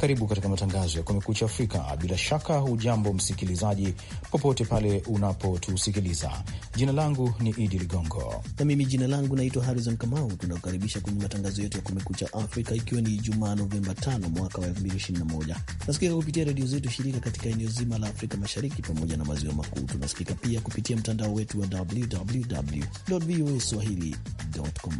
Karibu katika matangazo ya Kumekucha Afrika. Bila shaka hujambo msikilizaji, popote pale unapotusikiliza. Jina langu ni Idi Ligongo na mimi jina langu naitwa Harrison Kamau. Tunakukaribisha kwenye matangazo yetu ya Kumekucha Afrika, ikiwa ni Ijumaa Novemba 5 mwaka wa 2021. Tunasikika kupitia redio zetu shirika katika eneo zima la Afrika Mashariki pamoja na maziwa makuu. Tunasikika pia kupitia mtandao wetu wa www voa swahili.com.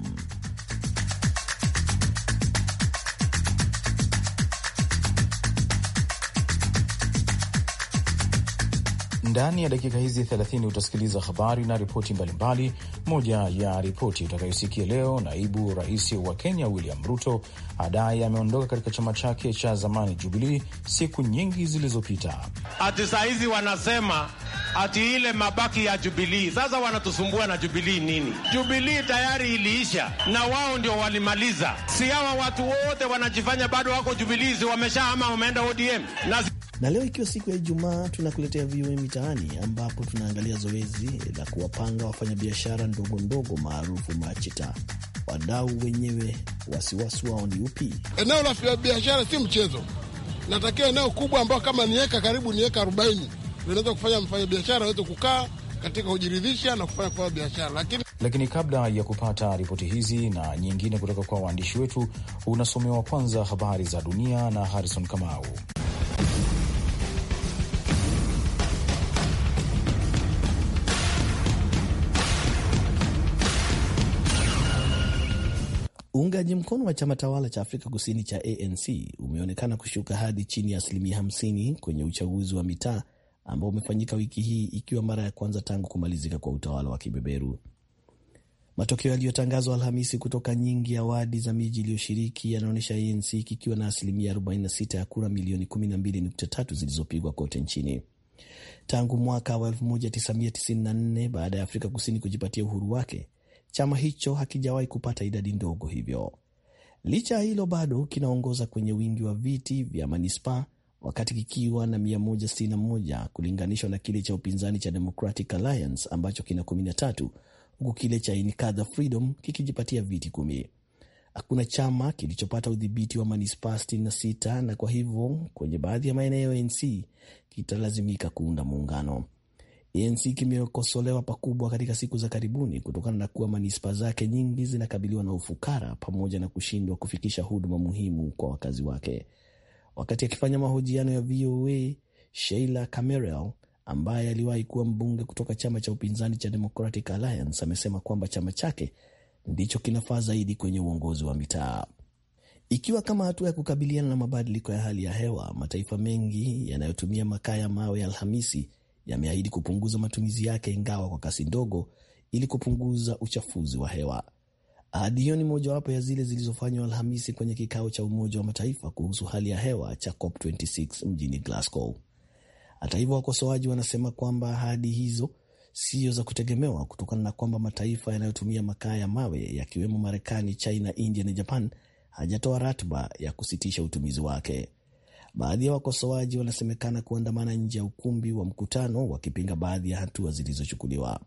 Ndani ya dakika hizi 30 utasikiliza habari na ripoti mbalimbali. Moja ya ripoti utakayosikia leo, naibu rais wa Kenya William Ruto adai ameondoka katika chama chake cha zamani Jubilii siku nyingi zilizopita. Ati sahizi wanasema ati ile mabaki ya Jubilii. Sasa wanatusumbua na Jubilii nini? Jubilii tayari iliisha na wao ndio walimaliza, si hawa watu wote wanajifanya bado wako Jubilii, wamesha ama wameenda ODM na na leo ikiwa siku ya Ijumaa, tunakuletea VOA Mitaani ambapo tunaangalia zoezi la kuwapanga wafanyabiashara ndogo ndogo maarufu machita. Wadau wenyewe wasiwasi wao ni upi? Eneo la biashara si mchezo, natakiwa eneo kubwa ambao kama ni eka karibu ni eka arobaini linaweza kufanya mfanyabiashara aweze kukaa katika kujiridhisha na kufanya kufanya biashara lakini lakini kabla ya kupata ripoti hizi na nyingine kutoka kwa waandishi wetu, unasomewa kwanza habari za dunia na Harrison Kamau. Uungaji mkono wa chama tawala cha Afrika Kusini cha ANC umeonekana kushuka hadi chini ya asilimia hs0 kwenye uchaguzi wa mitaa ambao umefanyika wiki hii ikiwa mara ya kwanza tangu kumalizika kwa utawala wa kibeberu. Matokeo yaliyotangazwa Alhamisi kutoka nyingi ya wadi za miji iliyoshiriki yanaonyesha ANC kikiwa na asilimia 46 ya kura milioni 12.3 zilizopigwa kote nchini. Tangu mwaka wa 1994 baada ya Afrika Kusini kujipatia uhuru wake Chama hicho hakijawahi kupata idadi ndogo hivyo. Licha ya hilo, bado kinaongoza kwenye wingi wa viti vya manispaa wakati kikiwa na 161 kulinganishwa na kile cha upinzani cha Democratic Alliance ambacho kina 13 huku kile cha Inkatha Freedom kikijipatia viti kumi. Hakuna chama kilichopata udhibiti wa manispaa 66 na kwa hivyo kwenye baadhi ya maeneo ya NC kitalazimika kuunda muungano. ANC kimekosolewa pakubwa katika siku za karibuni kutokana na kuwa manispa zake nyingi zinakabiliwa na ufukara pamoja na kushindwa kufikisha huduma muhimu kwa wakazi wake. Wakati akifanya mahojiano ya VOA, Sheila Camerel ambaye aliwahi kuwa mbunge kutoka chama cha upinzani cha Democratic Alliance amesema kwamba chama chake ndicho kinafaa zaidi kwenye uongozi wa mitaa. Ikiwa kama hatua ya kukabiliana na mabadiliko ya hali ya hewa, mataifa mengi yanayotumia makaa ya mawe Alhamisi yameahidi kupunguza matumizi yake, ingawa kwa kasi ndogo, ili kupunguza uchafuzi wa hewa. Ahadi hiyo ni mojawapo ya zile zilizofanywa Alhamisi kwenye kikao cha Umoja wa Mataifa kuhusu hali ya hewa cha COP26 mjini Glasgow. Hata hivyo, wakosoaji wanasema kwamba ahadi hizo sio za kutegemewa kutokana na kwamba mataifa yanayotumia makaa ya mawe yakiwemo Marekani, China, India na Japan hajatoa ratiba ya kusitisha utumizi wake. Baadhi ya wakosoaji wanasemekana kuandamana nje ya ukumbi wa mkutano wakipinga baadhi ya hatua zilizochukuliwa.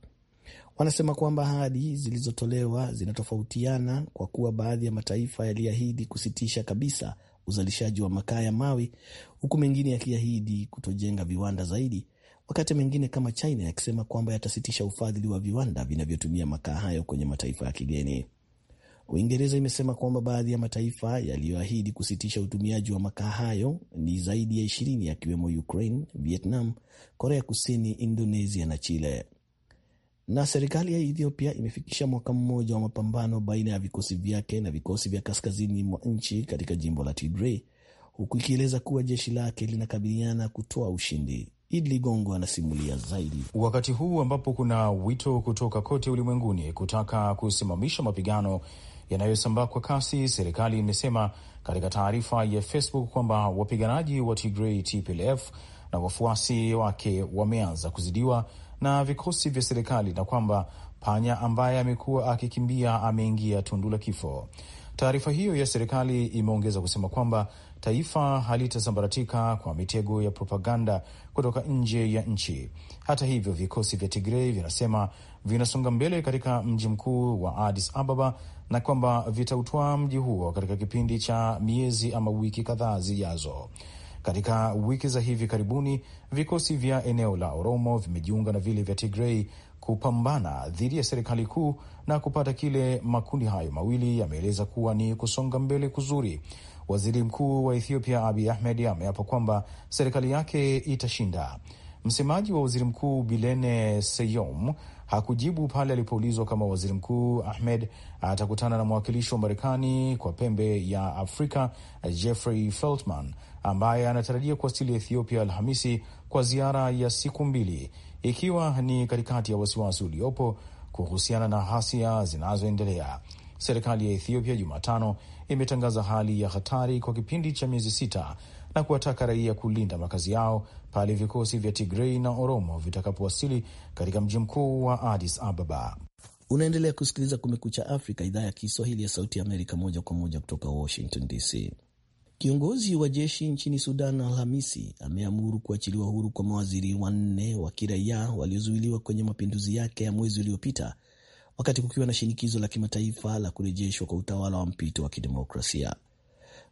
Wanasema kwamba ahadi zilizotolewa zinatofautiana kwa kuwa baadhi ya mataifa yaliahidi kusitisha kabisa uzalishaji wa makaa ya mawe huku mengine yakiahidi kutojenga viwanda zaidi, wakati mengine kama China yakisema kwamba yatasitisha ufadhili wa viwanda vinavyotumia makaa hayo kwenye mataifa ya kigeni. Uingereza imesema kwamba baadhi ya mataifa yaliyoahidi kusitisha utumiaji wa makaa hayo ni zaidi ya ishirini yakiwemo Ukraine, Vietnam, Korea Kusini, Indonesia na Chile. Na serikali ya Ethiopia imefikisha mwaka mmoja wa mapambano baina ya vikosi vyake na vikosi vya kaskazini mwa nchi katika jimbo la Tigray, huku ikieleza kuwa jeshi lake linakabiliana kutoa ushindi. Idi Ligongo anasimulia zaidi. Wakati huu ambapo kuna wito kutoka kote ulimwenguni kutaka kusimamisha mapigano yanayosambaa kwa kasi, serikali imesema katika taarifa ya Facebook kwamba wapiganaji wa Tigray TPLF na wafuasi wake wameanza kuzidiwa na vikosi vya serikali na kwamba panya ambaye amekuwa akikimbia ameingia tundu la kifo. Taarifa hiyo ya serikali imeongeza kusema kwamba taifa halitasambaratika kwa mitego ya propaganda kutoka nje ya nchi. Hata hivyo, vikosi vya Tigrei vinasema vinasonga mbele katika mji mkuu wa Addis Ababa na kwamba vitautoa mji huo katika kipindi cha miezi ama wiki kadhaa zijazo. Katika wiki za hivi karibuni, vikosi vya eneo la Oromo vimejiunga na vile vya Tigrei kupambana dhidi ya serikali kuu na kupata kile makundi hayo mawili yameeleza kuwa ni kusonga mbele kuzuri. Waziri Mkuu wa Ethiopia Abiy Ahmed ameapa kwamba serikali yake itashinda. Msemaji wa waziri mkuu Bilene Seyom hakujibu pale alipoulizwa kama waziri mkuu Ahmed atakutana na mwakilishi wa Marekani kwa pembe ya Afrika Jeffrey Feltman ambaye anatarajia kuwasili Ethiopia Alhamisi kwa ziara ya siku mbili, ikiwa ni katikati ya wasiwasi uliopo kuhusiana na ghasia zinazoendelea. Serikali ya Ethiopia Jumatano imetangaza hali ya hatari kwa kipindi cha miezi sita na kuwataka raia kulinda makazi yao pale vikosi vya Tigrei na Oromo vitakapowasili katika mji mkuu wa Adis Ababa. Unaendelea kusikiliza Kumekucha Afrika, idhaa ya Kiswahili ya Sauti ya Amerika, moja kwa moja kutoka Washington DC. Kiongozi wa jeshi nchini Sudan Alhamisi ameamuru kuachiliwa huru kwa mawaziri wanne wa kiraia waliozuiliwa kwenye mapinduzi yake ya mwezi uliopita, wakati kukiwa na shinikizo la kimataifa la kurejeshwa kwa utawala wa mpito wa kidemokrasia.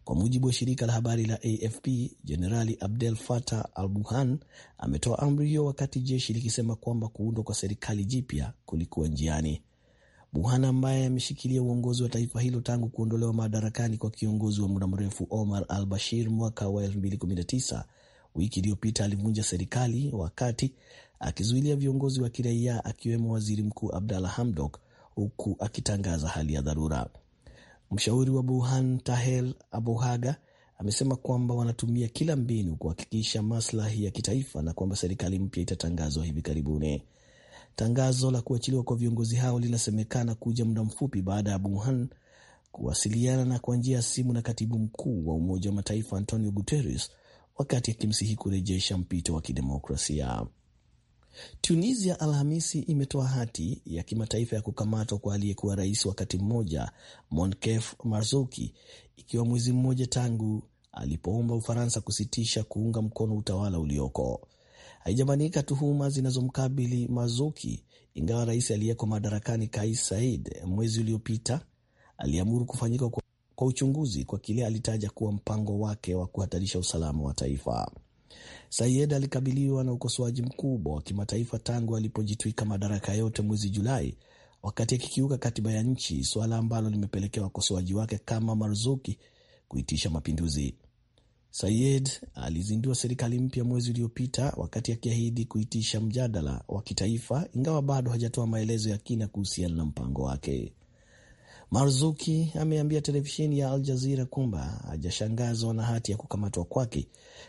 Kwa mujibu wa shirika la habari la AFP, Jenerali Abdel Fattah al buhan ametoa amri hiyo wakati jeshi likisema kwamba kuundwa kwa serikali jipya kulikuwa njiani. buhan ambaye ameshikilia uongozi wa taifa hilo tangu kuondolewa madarakani kwa kiongozi wa muda mrefu Omar al-Bashir mwaka wa 2019, wiki iliyopita alivunja serikali wakati akizuilia viongozi wa kiraia akiwemo waziri mkuu Abdalla Hamdok huku akitangaza hali ya dharura. Mshauri wa Burhan Tahel Abouhaga amesema kwamba wanatumia kila mbinu kuhakikisha maslahi ya kitaifa na kwamba serikali mpya itatangazwa hivi karibuni. Tangazo la kuachiliwa kwa viongozi hao linasemekana kuja muda mfupi baada ya Burhan kuwasiliana na kwa njia ya simu na katibu mkuu wa Umoja wa Mataifa Antonio Guterres wakati akimsihi kurejesha mpito wa kidemokrasia. Tunisia Alhamisi imetoa hati ya kimataifa ya kukamatwa kwa aliyekuwa rais wakati mmoja Monkef Marzuki, ikiwa mwezi mmoja tangu alipoomba Ufaransa kusitisha kuunga mkono utawala ulioko. haijamanika tuhuma zinazomkabili Marzuki, ingawa rais aliyeko madarakani Kais said mwezi uliopita aliamuru kufanyika kwa uchunguzi kwa kile alitaja kuwa mpango wake wa kuhatarisha usalama wa taifa. Sayed alikabiliwa na ukosoaji mkubwa wa kimataifa tangu alipojitwika madaraka yote mwezi Julai, wakati akikiuka katiba ya nchi, suala ambalo limepelekea wakosoaji wake kama Marzuki kuitisha mapinduzi. Sayed alizindua serikali mpya mwezi uliopita, wakati akiahidi kuitisha mjadala wa kitaifa, ingawa bado hajatoa maelezo ya kina kuhusiana na mpango wake. Marzuki ameambia televisheni ya Al kwamba hajashangazwa na hati ya kukamatwa kwake,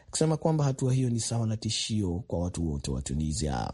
akisema kwamba hatua hiyo ni sawa na tishio kwa watu wote wa Tunisia.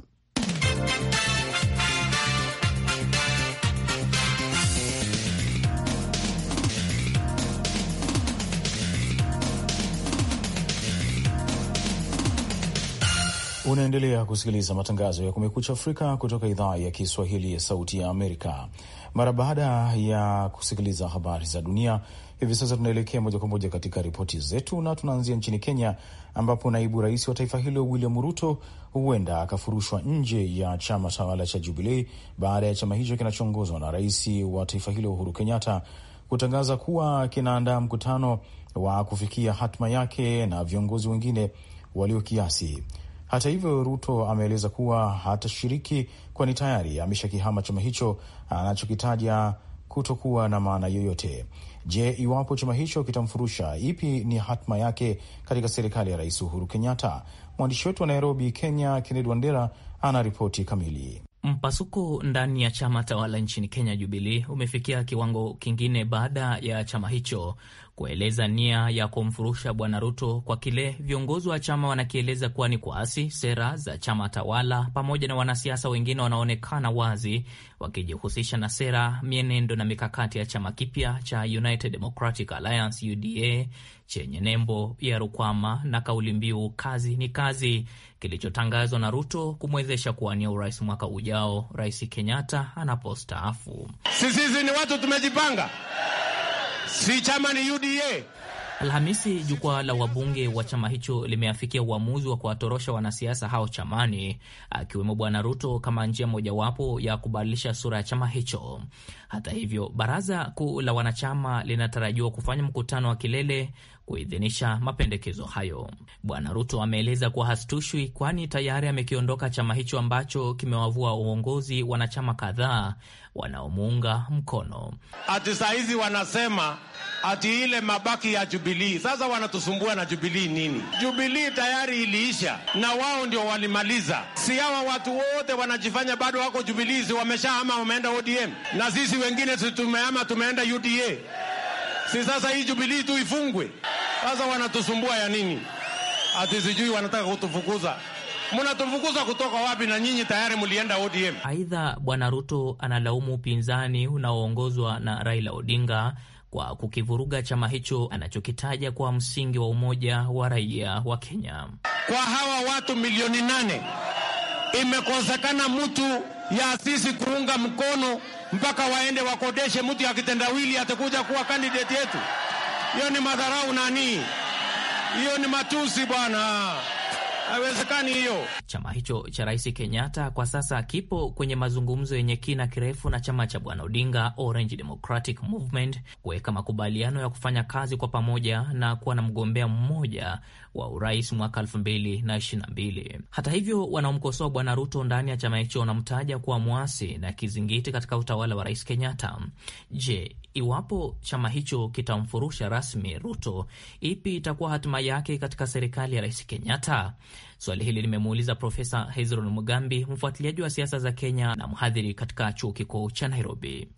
Unaendelea kusikiliza matangazo ya Kumekucha Afrika kutoka idhaa ya Kiswahili ya Sauti ya Amerika. Mara baada ya kusikiliza habari za dunia, hivi sasa tunaelekea moja kwa moja katika ripoti zetu, na tunaanzia nchini Kenya ambapo naibu rais wa taifa hilo William Ruto huenda akafurushwa nje ya chama tawala cha Jubilei baada ya chama hicho kinachoongozwa na rais wa taifa hilo Uhuru Kenyatta kutangaza kuwa kinaandaa mkutano wa kufikia hatima yake na viongozi wengine walio kiasi. Hata hivyo, Ruto ameeleza kuwa hatashiriki, kwani tayari amesha kihama chama hicho anachokitaja kutokuwa na maana yoyote. Je, iwapo chama hicho kitamfurusha, ipi ni hatma yake katika serikali ya Rais Uhuru Kenyatta? Mwandishi wetu wa Nairobi, Kenya, Kennedy Wandera ana ripoti kamili. Mpasuko ndani ya chama tawala nchini Kenya, Jubilii, umefikia kiwango kingine baada ya chama hicho kueleza nia ya kumfurusha Bwana Ruto kwa kile viongozi wa chama wanakieleza kuwa ni kuasi sera za chama tawala, pamoja na wanasiasa wengine wanaonekana wazi wakijihusisha na sera, mienendo na mikakati ya chama kipya cha United Democratic Alliance UDA chenye nembo ya rukwama na kauli mbiu kazi ni kazi, kilichotangazwa na Ruto kumwezesha kuwania urais mwaka ujao, Rais Kenyatta anapostaafu. Sisi ni watu tumejipanga si chama ni UDA. Alhamisi, jukwaa la wabunge wa chama hicho limeafikia uamuzi wa kuwatorosha wanasiasa hao chamani, akiwemo Bwana Ruto kama njia mojawapo ya kubadilisha sura ya chama hicho. Hata hivyo, baraza kuu la wanachama linatarajiwa kufanya mkutano wa kilele kuidhinisha mapendekezo hayo. Bwana Ruto ameeleza kuwa hastushwi, kwani tayari amekiondoka chama hicho ambacho kimewavua uongozi wanachama kadhaa wanaomuunga mkono. Ati sahizi wanasema ati ile mabaki ya Jubilii. Sasa wanatusumbua na Jubilii nini? Jubilii tayari iliisha na wao ndio walimaliza, si hawa watu wote wanajifanya bado wako Jubilii, si wameshaama wameenda ODM, na sisi wengine situmeama tumeama tumeenda UDA. Si sasa hii jubilii tu ifungwe? Sasa wanatusumbua ya nini? Ati sijui wanataka kutufukuza. Mnatufukuza kutoka wapi na nyinyi tayari mlienda ODM? Aidha, Bwana Ruto analaumu upinzani unaoongozwa na Raila Odinga kwa kukivuruga chama hicho anachokitaja kwa msingi wa umoja wa raia wa Kenya. Kwa hawa watu milioni nane imekosekana mtu ya sisi kuunga mkono mpaka waende wakodeshe mtu wili atakuja kuwa kandidati yetu. Hiyo ni madharau nani? Hiyo ni matusi bwana haiwezekani hiyo. Chama hicho cha Rais Kenyatta kwa sasa kipo kwenye mazungumzo yenye kina kirefu na chama cha Bwana Odinga, Orange Democratic Movement, kuweka makubaliano ya kufanya kazi kwa pamoja na kuwa na mgombea mmoja wa urais mwaka na mbili. Hata hivyo, wanaomkosoa Bwana Ruto ndani ya chama hicho wanamtaja kuwa mwasi na kizingiti katika utawala wa Rais Kenyatta. Je, iwapo chama hicho kitamfurusha rasmi Ruto, ipi itakuwa hatima yake katika serikali ya Rais Kenyatta? Swali hili limemuuliza Profesa Hezron Mugambi, mfuatiliaji wa siasa za Kenya na mhadhiri katika chuo kikuu cha Nairobi.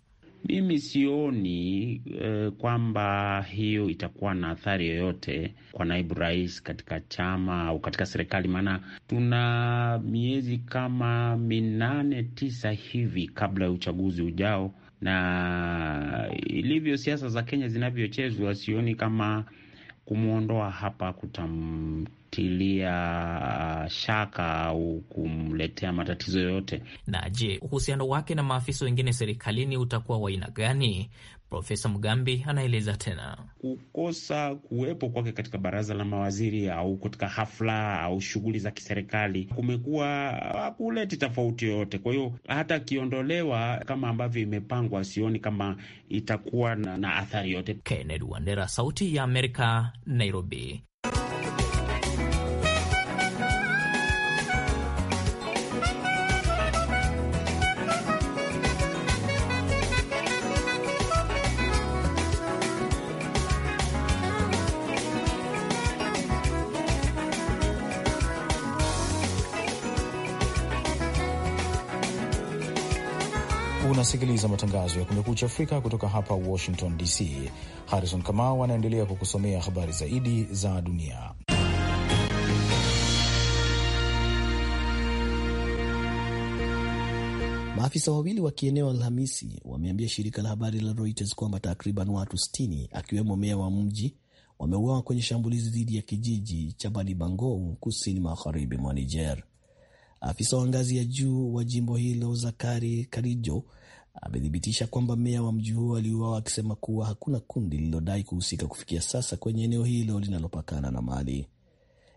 Mimi sioni eh, kwamba hiyo itakuwa na athari yoyote kwa naibu rais katika chama au katika serikali, maana tuna miezi kama minane tisa hivi kabla ya uchaguzi ujao, na ilivyo siasa za Kenya zinavyochezwa, sioni kama kumwondoa hapa kutam kumtilia ah, shaka au kumletea matatizo yoyote. Na je, uhusiano wake na maafisa wengine serikalini utakuwa wa aina gani? Profesa Mugambi anaeleza tena. Kukosa kuwepo kwake katika baraza la mawaziri au katika hafla au shughuli za kiserikali kumekuwa hakuleti ah, tofauti yoyote. Kwa hiyo hata akiondolewa kama ambavyo imepangwa, sioni kama itakuwa na, na athari yote. Kennedy Wandera, Sauti ya Amerika, Nairobi. Unasikiliza matangazo ya Kumekucha Afrika kutoka hapa Washington DC. Harrison Kamau anaendelea kukusomea habari zaidi za dunia. Maafisa wawili wa kieneo Alhamisi wameambia shirika la habari la Reuters kwamba takriban watu 60 akiwemo mea wa mji wameuawa kwenye shambulizi dhidi ya kijiji cha Badibangou kusini magharibi mwa Niger. Afisa wa ngazi ya juu wa jimbo hilo Zakari Karijo amethibitisha kwamba meya wa mji huo aliuawa akisema kuwa hakuna kundi lililodai kuhusika kufikia sasa kwenye eneo hilo linalopakana na Mali.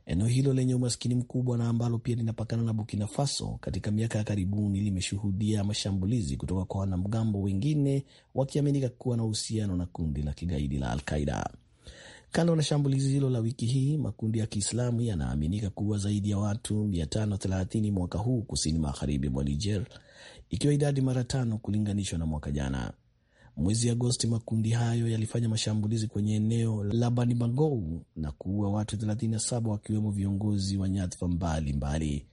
Eneo hilo lenye umaskini mkubwa na ambalo pia linapakana na Burkina Faso, katika miaka ya karibuni limeshuhudia mashambulizi kutoka kwa wanamgambo wengine wakiaminika kuwa na uhusiano na kundi la kigaidi la Alqaida. Kando na shambulizi hilo la wiki hii, makundi ya Kiislamu yanaaminika kuwa zaidi ya watu 530 mwaka huu kusini magharibi mwa Niger ikiwa idadi mara tano kulinganishwa na mwaka jana. Mwezi Agosti, makundi hayo yalifanya mashambulizi kwenye eneo la Banibangou na kuua watu 37 wakiwemo viongozi wa nyadhifa mbalimbali.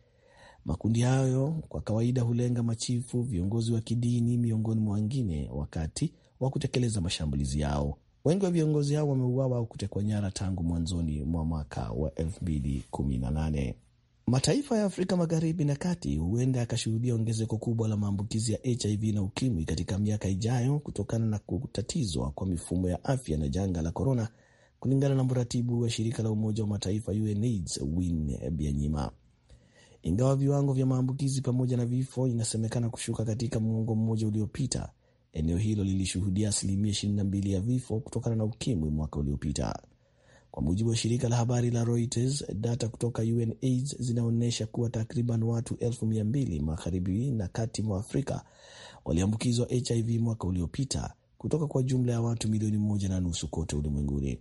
Makundi hayo kwa kawaida hulenga machifu, viongozi wa kidini, miongoni mwa wengine, wakati wa kutekeleza mashambulizi yao. Wengi wa viongozi hao wameuawa au kutekwa nyara tangu mwanzoni mwa mwaka wa 2018. Mataifa ya Afrika Magharibi na Kati huenda yakashuhudia ongezeko kubwa la maambukizi ya HIV na ukimwi katika miaka ijayo kutokana na kutatizwa kwa mifumo ya afya na janga la korona, kulingana na mratibu wa shirika la Umoja wa Mataifa UNAIDS Win Byanyima. Ingawa viwango vya maambukizi pamoja na vifo inasemekana kushuka katika muongo mmoja uliopita, eneo hilo lilishuhudia asilimia 22 ya vifo kutokana na ukimwi mwaka uliopita. Kwa mujibu wa shirika la habari la Reuters, data kutoka UNAIDS zinaonyesha kuwa takriban watu elfu mia mbili magharibi na kati mwa Afrika waliambukizwa HIV mwaka uliopita kutoka kwa jumla ya watu milioni moja na nusu kote ulimwenguni.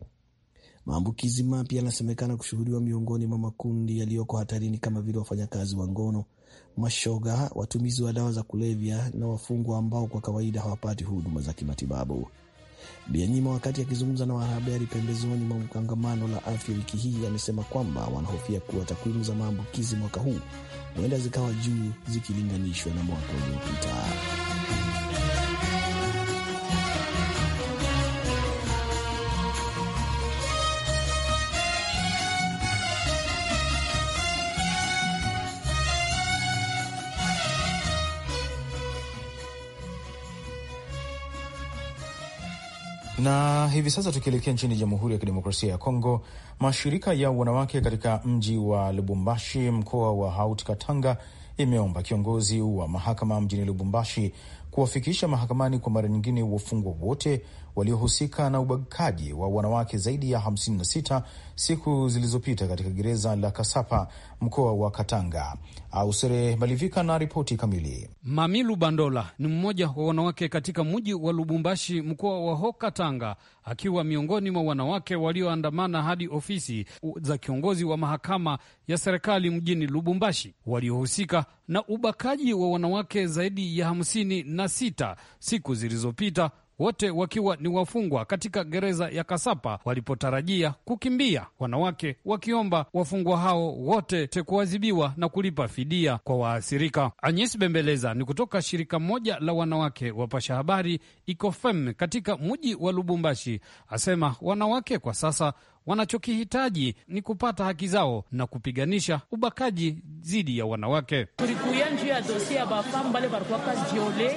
Maambukizi mapya yanasemekana kushuhudiwa miongoni mwa makundi yaliyoko hatarini kama vile wafanyakazi wa ngono, mashoga, watumizi wa dawa za kulevya na wafungwa ambao kwa kawaida hawapati huduma za kimatibabu. Bianyima, wakati akizungumza na wanahabari pembezoni mwa mkangamano la afya wiki hii, amesema kwamba wanahofia kuwa takwimu za maambukizi mwaka huu huenda zikawa juu zikilinganishwa na mwaka uliopita. Na hivi sasa tukielekea nchini Jamhuri ya Kidemokrasia ya Kongo, mashirika ya wanawake katika mji wa Lubumbashi, mkoa wa Haut Katanga, imeomba kiongozi wa mahakama mjini Lubumbashi kuwafikisha mahakamani kwa mara nyingine wafungwa wote waliohusika na ubakaji wa wanawake zaidi ya 56 siku zilizopita katika gereza la Kasapa, mkoa wa Katanga. Ausere Malivika na ripoti kamili. Mamilu Bandola ni mmoja wa wanawake katika mji wa Lubumbashi, mkoa wa Ho Katanga, akiwa miongoni mwa wanawake walioandamana hadi ofisi za kiongozi wa mahakama ya serikali mjini Lubumbashi waliohusika na ubakaji wa wanawake zaidi ya hamsini na sita siku zilizopita wote wakiwa ni wafungwa katika gereza ya Kasapa walipotarajia kukimbia, wanawake wakiomba wafungwa hao wote kuadhibiwa na kulipa fidia kwa waathirika. Anyes Bembeleza ni kutoka shirika moja la wanawake wapasha habari ikofem katika mji wa Lubumbashi, asema wanawake kwa sasa wanachokihitaji ni kupata haki zao na kupiganisha ubakaji dhidi ya wanawake. tulikuya njuu ya dosie ya bafamu bale balikuwaka viole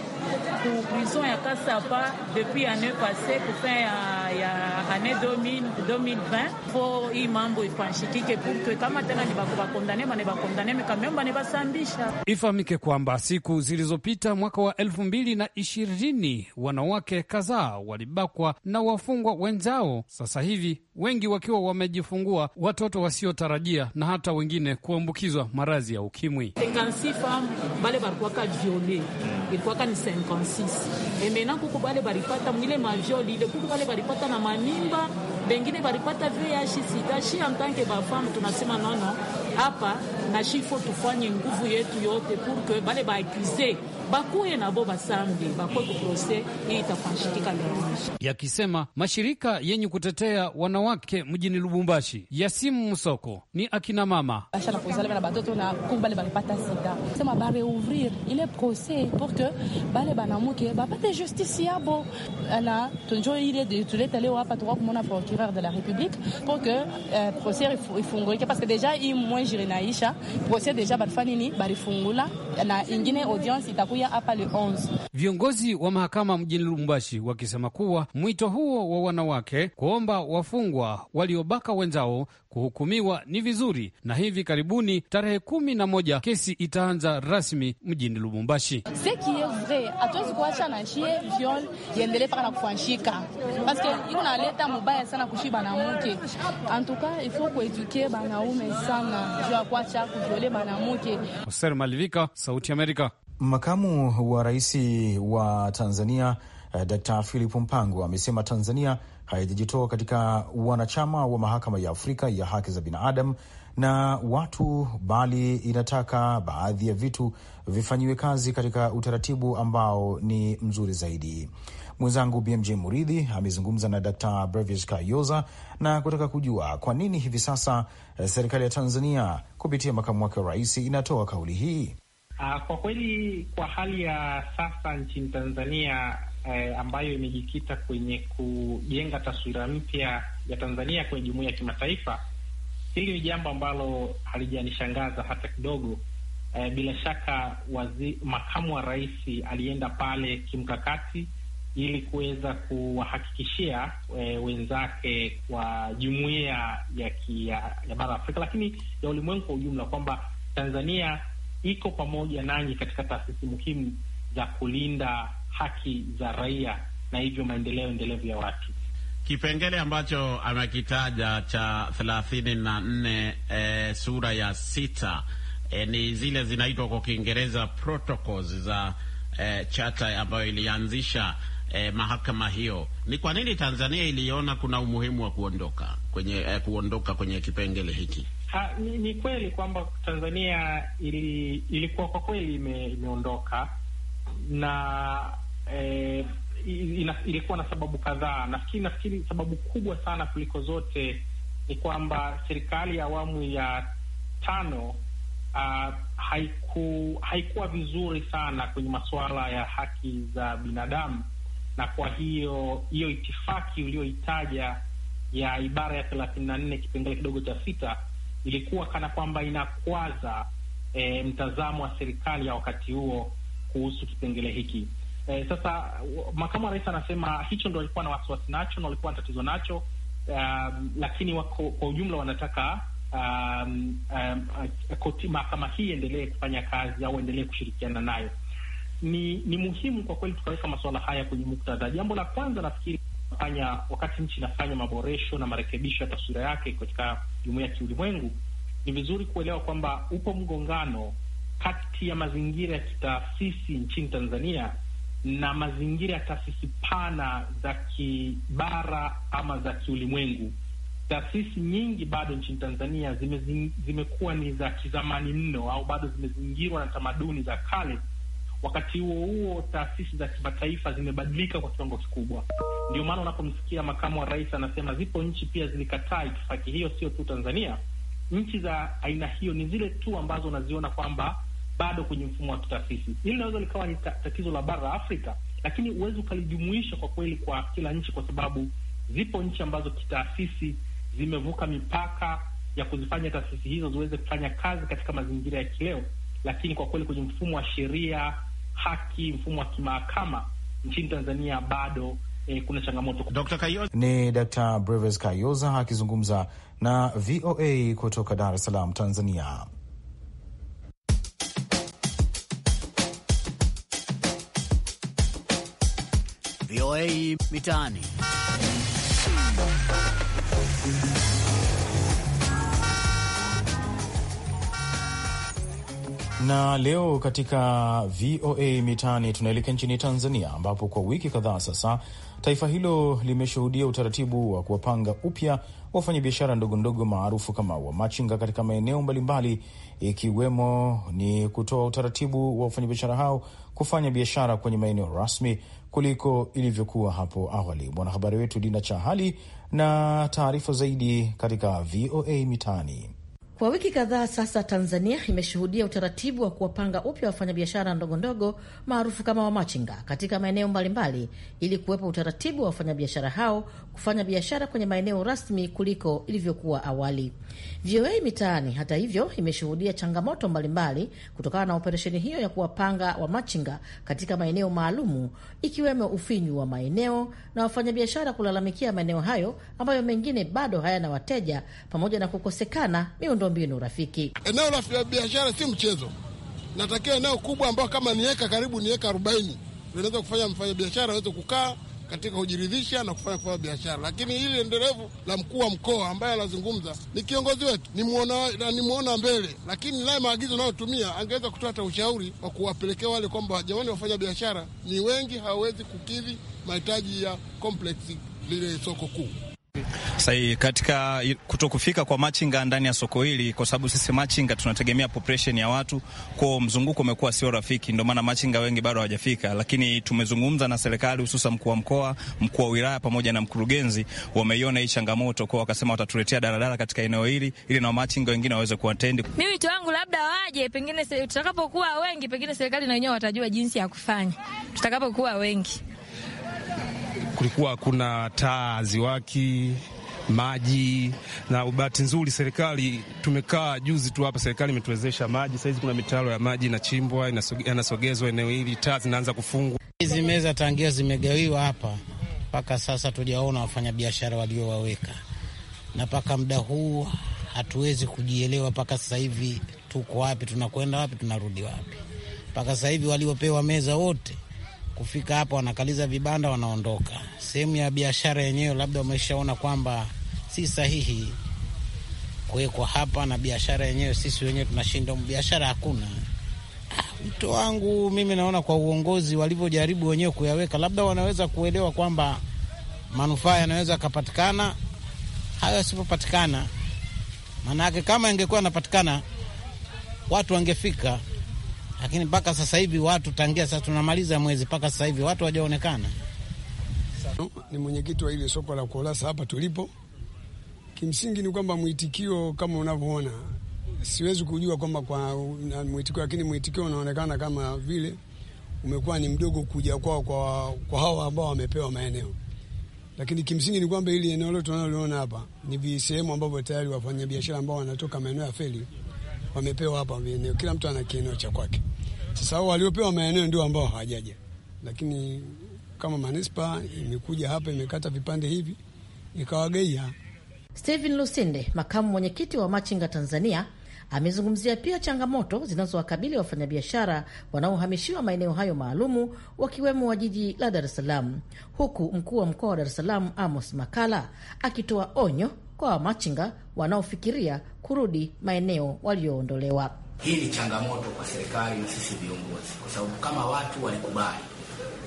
ku prison ya kasapa depuis ane pase kufin ya ya ane 2020 po hii mambo ifanshikike purke kama tena ni bako bakondane bane bakondane mikamemba bane basambisha. Ifahamike kwamba siku zilizopita mwaka wa elfu mbili na ishirini wanawake kadhaa walibakwa na wafungwa wenzao, sasa hivi wengi wakiwa wamejifungua watoto wasiotarajia na hata wengine kuambukizwa maradhi ya ukimwi. ni 56 kuku kuku bale bale mavyoli ile walipata na mamimba, bengine walipata VIH sida. shi amtanke bafam tunasema nono hapa na shifo, tufanye nguvu yetu yote que bale baakize bakuye nabo basambi bakwe kuprose iyi itafashikika leonji yakisema mashirika yenye kutetea wanawake mjini Lubumbashi yasimu msoko ni akina mama basha na kuzala na batoto na kumbale banapata sida sema bare ouvrir ile procès pour que bale banamuke bapate justice yabo na tunjo ile tuleta leo hapa tuka kumona procureur de la république pour que uh, procès ifungulike parce que déjà hii mwezi inaisha procès déjà barifanya barifungula na ingine audience itakuwa watakuya hapa le 11. Viongozi wa mahakama mjini Lubumbashi wakisema kuwa mwito huo wa wanawake kuomba wafungwa waliobaka wenzao kuhukumiwa ni vizuri, na hivi karibuni tarehe kumi na moja kesi itaanza rasmi mjini Lubumbashi. Hatuwezi kuacha na shie viol iendelee mpaka na kufanshika paske mubaya sana antuka ifo kueduke banaume sana juu ya kuacha kuviole banamuke. Malivika, Sauti Amerika. Makamu wa rais wa Tanzania eh, d Philip Mpango amesema Tanzania haijajitoa katika wanachama wa mahakama ya Afrika ya haki za binadamu na watu, bali inataka baadhi ya vitu vifanyiwe kazi katika utaratibu ambao ni mzuri zaidi. Mwenzangu BMJ Muridhi amezungumza na Dr. Brevis Kayoza na kutaka kujua kwa nini hivi sasa eh, serikali ya Tanzania kupitia makamu wake wa rais inatoa kauli hii. Uh, kwa kweli kwa hali ya sasa nchini Tanzania eh, ambayo imejikita kwenye kujenga taswira mpya ya Tanzania kwenye jumuiya ya kimataifa, hili ni jambo ambalo halijanishangaza hata kidogo. Eh, bila shaka wazi, makamu wa rais alienda pale kimkakati ili kuweza kuwahakikishia e, wenzake kwa jumuiya ya, ya, ya bara Afrika, lakini ya ulimwengu kwa ujumla kwamba Tanzania iko pamoja nanyi katika taasisi muhimu za kulinda haki za raia na hivyo maendeleo endelevu ya watu. Kipengele ambacho amekitaja cha thelathini na nne e, sura ya sita e, ni zile zinaitwa kwa Kiingereza protocols za e, eh, chata ambayo ilianzisha e, mahakama hiyo. Ni kwa nini Tanzania iliona kuna umuhimu wa kuondoka kwenye e, kuondoka kwenye kipengele hiki? Ha, ah, ni, ni kweli kwamba Tanzania ili, ilikuwa kwa kweli ime, imeondoka na eh, ina, ilikuwa na sababu kadhaa. Nafikiri nafikiri sababu kubwa sana kuliko zote ni kwamba serikali ya awamu ya tano uh, haiku, haikuwa vizuri sana kwenye masuala ya haki za binadamu, na kwa hiyo hiyo itifaki uliyoitaja ya ibara ya thelathini na nne kipengele kidogo cha sita ilikuwa kana kwamba inakwaza e, mtazamo wa serikali ya wakati huo kuhusu kipengele hiki. E, sasa makamu wa rais anasema hicho ndo walikuwa na wasiwasi nacho na walikuwa na tatizo nacho, um, lakini wako, kwa ujumla wanataka um, um, uh, mahakama hii endelee kufanya kazi au endelee kushirikiana nayo. Ni, ni muhimu kwa kweli tukaweka masuala haya kwenye muktadha. Jambo la kwanza nafikiri kufanya wakati nchi inafanya maboresho na marekebisho ya taswira yake katika jumuiya ya kiulimwengu, ni vizuri kuelewa kwamba upo mgongano kati ya mazingira ya kitaasisi nchini Tanzania na mazingira ya taasisi pana za kibara ama za kiulimwengu. Taasisi nyingi bado nchini Tanzania zimekuwa zime ni za kizamani mno, au bado zimezingirwa na tamaduni za kale Wakati huo huo, taasisi za kimataifa zimebadilika kwa kiwango kikubwa. Ndio maana unapomsikia makamu wa rais anasema zipo nchi pia zilikataa itifaki hiyo, sio tu Tanzania. Nchi za aina hiyo ni zile tu ambazo unaziona kwamba bado kwenye mfumo wa kitaasisi. Hili linaweza likawa ni tatizo la bara la Afrika, lakini huwezi ukalijumuisha kwa kweli kwa kila nchi, kwa sababu zipo nchi ambazo kitaasisi zimevuka mipaka ya kuzifanya taasisi hizo ziweze kufanya kazi katika mazingira ya kileo, lakini kwa kweli kwenye mfumo wa sheria haki, mfumo wa kimahakama nchini Tanzania bado eh, kuna changamoto. Dr. Kayoza ni Dr. Breves Kayoza akizungumza na VOA kutoka Dar es Salaam, Tanzania. VOA mitaani Na leo katika VOA Mitaani tunaelekea nchini Tanzania, ambapo kwa wiki kadhaa sasa taifa hilo limeshuhudia utaratibu wa kuwapanga upya wafanyabiashara ndogo ndogo maarufu kama wamachinga katika maeneo mbalimbali, ikiwemo ni kutoa utaratibu wa wafanyabiashara hao kufanya biashara kwenye maeneo rasmi kuliko ilivyokuwa hapo awali. Mwanahabari wetu Dina Chahali na taarifa zaidi katika VOA Mitaani. Kwa wiki kadhaa sasa, Tanzania imeshuhudia utaratibu wa kuwapanga upya wafanyabiashara ndogondogo maarufu kama wamachinga katika maeneo mbalimbali, ili kuwepo utaratibu wa wafanyabiashara hao kufanya biashara kwenye maeneo rasmi kuliko ilivyokuwa awali. VOA Mitaani, hata hivyo, imeshuhudia changamoto mbalimbali kutokana na operesheni hiyo ya kuwapanga wamachinga katika maeneo maalumu, ikiwemo ufinyu wa maeneo na wafanyabiashara kulalamikia maeneo hayo ambayo mengine bado hayana wateja, pamoja na kukosekana miundo miundombinu rafiki. Eneo la biashara si mchezo, natakiwa eneo kubwa ambayo kama nieka karibu nieka arobaini linaweza kufanya mfanyabiashara aweze kukaa katika kujiridhisha na kufanya kufanya biashara. Lakini hili endelevu la mkuu wa mkoa ambaye anazungumza ni kiongozi wetu, nimwona mbele, lakini naye maagizo anayotumia angeweza kutoa hata ushauri wa kuwapelekea wale kwamba jamani, wafanya biashara ni wengi, hawawezi kukidhi mahitaji ya kompleksi lile soko kuu. Sahi katika kutokufika kwa machinga ndani ya soko hili, kwa sababu sisi machinga tunategemea population ya watu, kwa mzunguko umekuwa sio rafiki, ndio maana machinga wengi bado hawajafika. Lakini tumezungumza na serikali, hususan mkuu wa mkoa, mkuu wa wilaya pamoja na mkurugenzi, wameiona hii changamoto kwa, wakasema watatuletea daladala katika eneo hili ili na machinga wengine waweze kuatendi. Mimi wito wangu labda waje, pengine tutakapokuwa wengi, pengine serikali na wenyewe watajua jinsi ya kufanya tutakapokuwa wengi kulikuwa hakuna taa ziwaki maji na bahati nzuri, serikali tumekaa juzi tu hapa, serikali imetuwezesha maji. Sahizi kuna mitaro ya maji inachimbwa, yanasogezwa eneo hili, taa zinaanza kufungwa. Hizi meza tangia zimegawiwa hapa mpaka sasa tujaona wafanyabiashara waliowaweka, na mpaka muda huu hatuwezi kujielewa mpaka sasa hivi tuko wapi, tunakwenda wapi, tunarudi wapi. Mpaka sasa hivi waliopewa meza wote kufika hapa, wanakaliza vibanda, wanaondoka. Sehemu ya biashara yenyewe labda wameshaona kwamba si sahihi kuwekwa hapa, na biashara yenyewe sisi wenyewe tunashinda, biashara hakuna. Ah, mto wangu mimi naona kwa uongozi walivyojaribu wenyewe kuyaweka, labda wanaweza kuelewa kwamba manufaa yanaweza akapatikana hayo yasipopatikana. Maanake kama ingekuwa yanapatikana watu wangefika lakini mpaka sasa hivi watu tangia sasa tunamaliza mwezi mpaka sasa hivi watu hawajaonekana. Ni mwenyekiti wa ile soko la Kolasa hapa tulipo. Kimsingi ni kwamba mwitikio kama unavyoona, siwezi kujua kwamba kwa mwitikio, lakini mwitikio unaonekana kama vile umekuwa ni mdogo kuja kwao kwa, kwa hawa ambao wamepewa maeneo, lakini kimsingi ni kwamba ili eneo lote tunaloliona hapa ni visehemu ambavyo tayari wafanyabiashara ambao wanatoka maeneo ya feli wamepewa hapa maeneo, kila mtu ana kieneo cha kwake. Sasa hao waliopewa maeneo ndio ambao hawajaja, lakini kama manispa imekuja hapa imekata vipande hivi ikawagaia. Stephen Lusinde, makamu mwenyekiti wa Machinga Tanzania, amezungumzia pia changamoto zinazowakabili wafanyabiashara wanaohamishiwa maeneo hayo maalumu wakiwemo wa jiji la Dar es Salaam, huku mkuu wa mkoa wa Dar es Salaam Amos Makala akitoa onyo kwa wamachinga wanaofikiria kurudi maeneo walioondolewa. Hii ni changamoto kwa serikali na sisi viongozi, kwa sababu kama watu walikubali,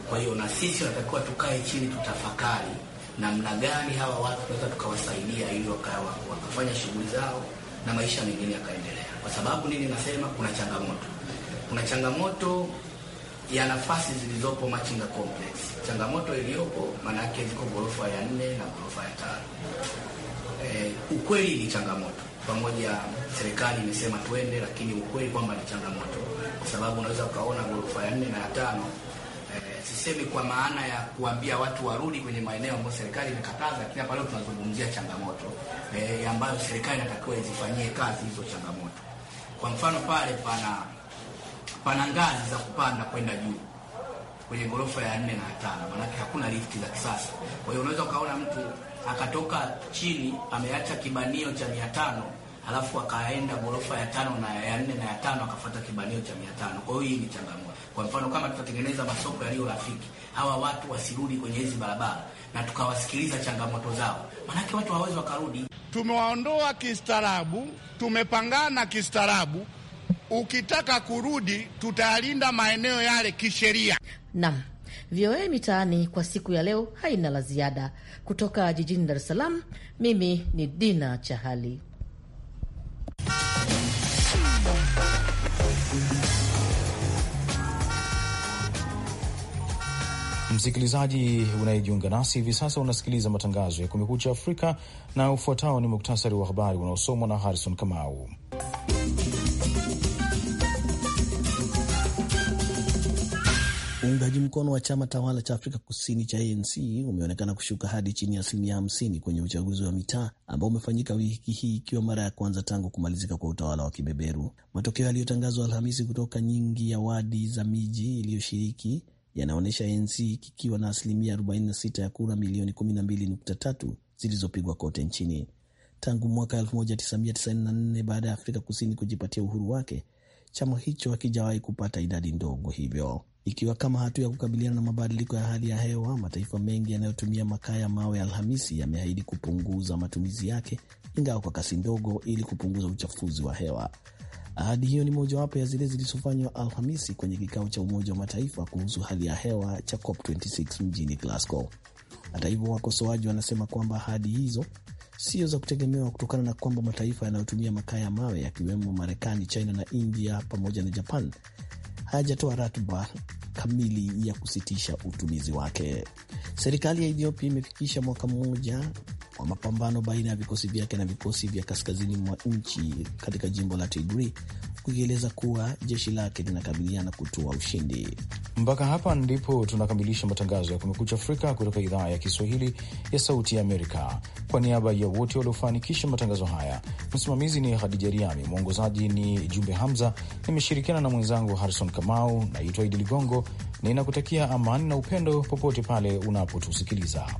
kwa hiyo na sisi wanatakiwa tukae chini, tutafakari namna gani hawa watu tunaweza tukawasaidia ili wakafanya shughuli zao na maisha mengine yakaendelea. Kwa sababu nini nasema kuna changamoto? Kuna changamoto ya nafasi zilizopo Machinga Complex. Changamoto iliyopo maana yake ziko ghorofa ya nne na ghorofa ya tano eh, ukweli ni changamoto. Pamoja serikali imesema tuende lakini ukweli kwamba ni changamoto, kwa sababu unaweza ukaona ghorofa ya nne na ya tano eh, Sisemi kwa maana ya kuambia watu warudi kwenye maeneo ambayo serikali imekataza, lakini hapa leo tunazungumzia changamoto e, ambayo serikali inatakiwa izifanyie kazi hizo changamoto. Kwa mfano pale pana pana ngazi za kupanda kwenda juu kwenye ghorofa ya nne na ya tano, maanake hakuna lifti za kisasa. Kwa hiyo unaweza ukaona mtu akatoka chini ameacha kibanio cha mia tano alafu akaenda ghorofa ya tano na ya nne na ya tano akafuata kibanio cha mia tano. Kwa hiyo hii ni changamoto. Kwa mfano, kama tutatengeneza masoko yaliyo rafiki, hawa watu wasirudi kwenye hizi barabara na tukawasikiliza changamoto zao, maanake watu hawawezi wakarudi. Tumewaondoa kistaarabu, tumepangana kistaarabu. Ukitaka kurudi, tutayalinda maeneo yale kisheria. Naam. VOA Mitaani kwa siku ya leo haina la ziada. Kutoka jijini Dar es Salaam, mimi ni Dina Chahali. Msikilizaji unayejiunga nasi hivi sasa, unasikiliza matangazo ya Kumekucha Afrika, na ufuatao ni muktasari wa habari unaosomwa na Harrison Kamau. Uungaji mkono wa chama tawala cha Afrika Kusini cha ANC umeonekana kushuka hadi chini ya asilimia hamsini kwenye uchaguzi wa mitaa ambao umefanyika wiki hii ikiwa mara ya kwanza tangu kumalizika kwa utawala wa kibeberu. Matokeo yaliyotangazwa Alhamisi kutoka nyingi ya wadi za miji iliyoshiriki yanaonyesha ANC kikiwa na asilimia 46 ya kura milioni 12.3 zilizopigwa kote nchini. Tangu mwaka 1994 baada ya Afrika Kusini kujipatia uhuru wake, chama hicho hakijawahi kupata idadi ndogo hivyo ikiwa kama hatua ya kukabiliana na mabadiliko ya hali ya hewa. Mataifa mengi yanayotumia makaa ya mawe Alhamisi yameahidi kupunguza matumizi yake, ingawa kwa kasi ndogo, ili kupunguza uchafuzi wa hewa. Ahadi hiyo ni mojawapo ya zile zilizofanywa Alhamisi kwenye kikao cha Umoja wa Mataifa kuhusu hali ya hewa cha COP26 mjini Glasgow. Hata hivyo, wakosoaji wanasema kwamba ahadi hizo sio za kutegemewa kutokana na kwamba mataifa yanayotumia makaa ya mawe yakiwemo Marekani, China na India pamoja na Japan hayajatoa ratiba kamili ya kusitisha utumizi wake. Serikali ya Ethiopia imefikisha mwaka mmoja wa mapambano baina ya vikosi vyake na vikosi vya kaskazini mwa nchi katika jimbo la Tigray kukieleza kuwa jeshi lake linakabiliana kutoa ushindi. Mpaka hapa ndipo tunakamilisha matangazo ya Kumekucha Afrika kutoka idhaa ya Kiswahili ya Sauti ya Amerika. Kwa niaba ya wote waliofanikisha matangazo haya, msimamizi ni Hadija Riami, mwongozaji ni Jumbe Hamza. Nimeshirikiana na mwenzangu Harison Kamau. Naitwa Idi Ligongo, ninakutakia amani na upendo popote pale unapotusikiliza.